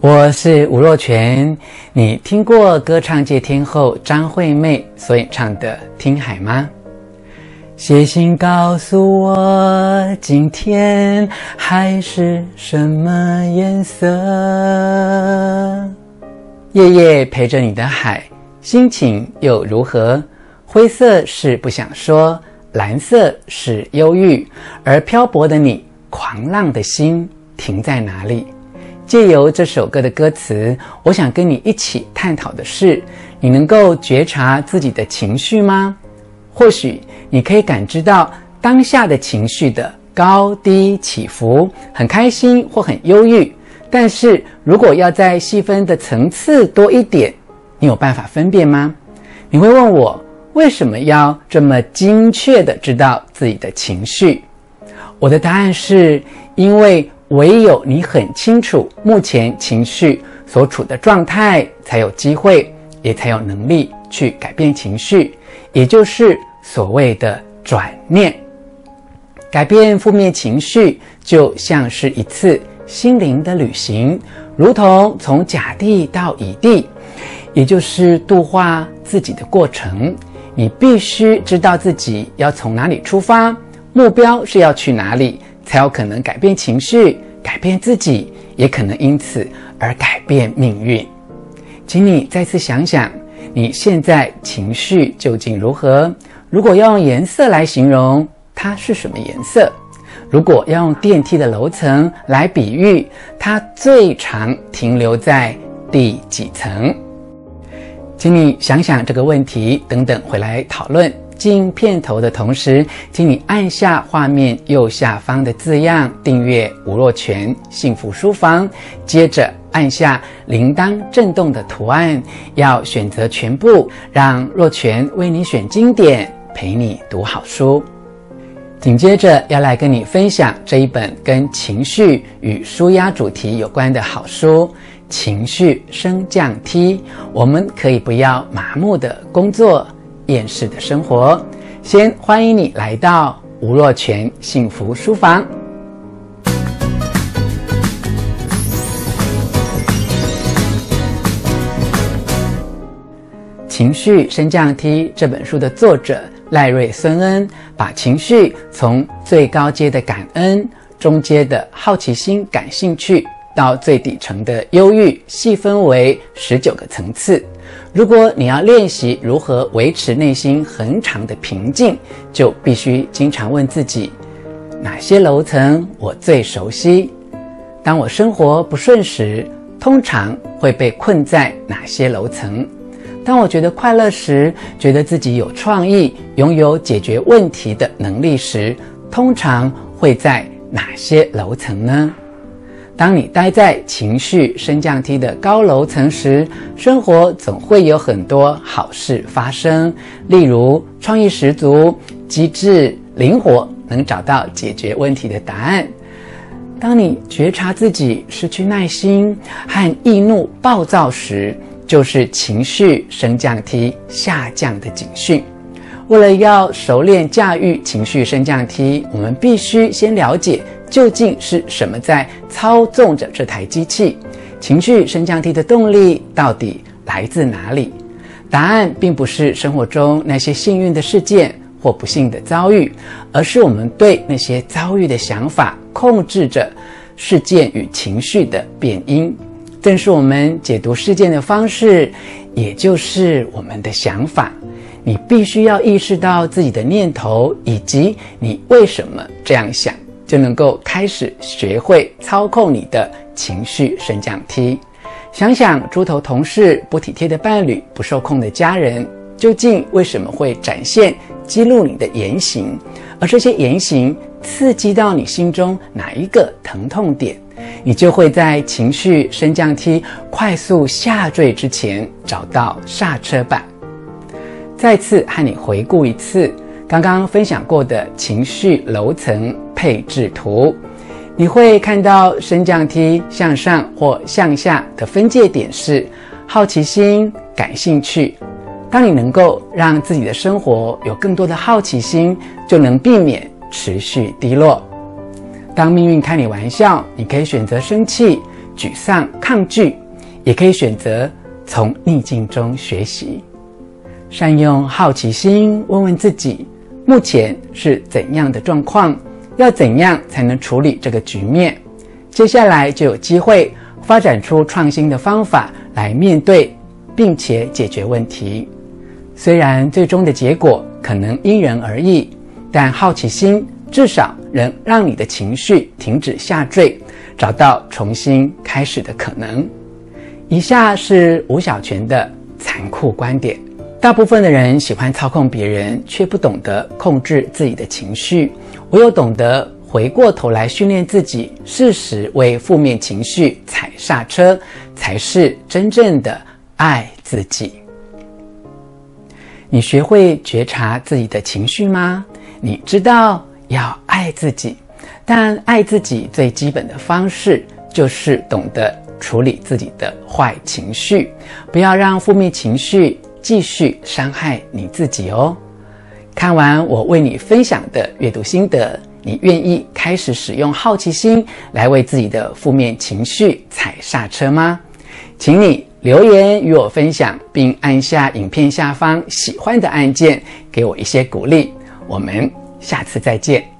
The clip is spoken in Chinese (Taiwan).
我是吳若權，你聽過歌唱界天后張惠妹所演唱的《聽海》嗎？寫信告訴我，今天海是什麼顏色？夜夜陪着你的海，心情又如何？灰色是不想說，藍色是憂鬱，而漂泊的你，狂浪的心停在哪裡？借由這首歌的歌詞，我想跟你一起探討的是：你能夠覺察自己的情緒嗎？或許你可以感知到當下的情緒的高低起伏，很開心或很憂鬱。但是如果要再細分的層次多一點，你有辦法分辨嗎？你會問我為什麼要這麼精確地知道自己的情緒？我的答案是因為。唯有你很清楚目前情緒所處的狀態，才有機會，也才有能力去改變情緒，也就是所謂的轉念。改變負面情緒，就像是一次心靈的旅行，如同從甲地到乙地，也就是度化自己的過程。你必須知道自己要從哪裡出發，目標是要去哪裡？才有可能改變情緒，改變自己，也可能因此而改變命運。請你再次想想，你現在情緒究竟如何？如果要用顏色來形容，它是什麼顏色？如果要用電梯的樓層來比喻，它最常停留在第幾層？請你想想這個問題，等等回來討論。進片頭的同時，請你按下畫面右下方的字樣“訂閱吳若權幸福書房”，接着按下鈴鐺震動的圖案，要選擇全部，讓若權為你選經典，陪你讀好書。緊接着要來跟你分享這一本跟情緒與紓壓主題有關的好書《情緒升降梯》，我們可以不要麻木地工作。厭世的生活，先歡迎你來到吳若權幸福書房。《情緒升降梯》這本書的作者賴瑞·孫恩，把情緒從最高階的感恩，中階的好奇心、感興趣。到最底層的憂鬱，細分為十九個層次。如果你要練習如何維持內心恆常的平靜，就必須經常問自己：哪些樓層我最熟悉？當我生活不順時，通常會被困在哪些樓層？當我覺得快樂時，覺得自己有創意、擁有解決問題的能力時，通常會在哪些樓層呢？當你待在情緒升降梯的高樓層時，生活總會有很多好事發生，例如創意十足、機智靈活，能找到解決問題的答案。當你覺察自己失去耐心和易怒暴躁時，就是情緒升降梯下降的警訊。為了要熟練駕馭情緒升降梯，我們必須先了解。究竟是什麼在操縱着這台機器？情緒升降梯的動力到底來自哪裡？答案並不是生活中那些幸運的事件或不幸的遭遇，而是我們對那些遭遇的想法控制着事件與情緒的變因。正是我們解讀事件的方式，也就是我們的想法。你必須要意識到自己的念頭，以及你為什麼這樣想。就能夠開始學會操控你的情緒升降梯。想想豬頭同事、不體貼的伴侶、不受控的家人，究竟為什麼會展現激怒你的言行？而這些言行刺激到你心中哪一個疼痛點？你就會在情緒升降梯快速下墜之前找到剎車板。再次和你回顧一次，剛剛分享過的情緒樓層。配置圖，你會看到升降梯向上或向下的分界點是好奇心、感興趣。當你能夠讓自己的生活有更多的好奇心，就能避免持續低落。當命運開你玩笑，你可以選擇生氣、沮喪、抗拒，也可以選擇從逆境中學習。善用好奇心問問自己，目前是怎樣的狀況？要怎樣才能處理這個局面？接下來就有機會發展出創新的方法來面對，並且解決問題。雖然最終的結果可能因人而異，但好奇心至少能讓你的情緒停止下墜，找到重新開始的可能。以下是吳若權的殘酷觀點：大部分的人喜歡操控別人，卻不懂得控制自己的情緒。唯有懂得回過頭來訓練自己，適時為負面情緒踩剎車，才是真正的愛自己。你學會覺察自己的情緒嗎？你知道要愛自己，但愛自己最基本的方式就是懂得處理自己的壞情緒，不要讓負面情緒繼續傷害你自己哦。看完我為你分享的閱讀心得，你願意開始使用好奇心來為自己的負面情緒踩剎車嗎？請你留言與我分享，並按下影片下方喜歡的按鍵，給我一些鼓勵。我們下次再見。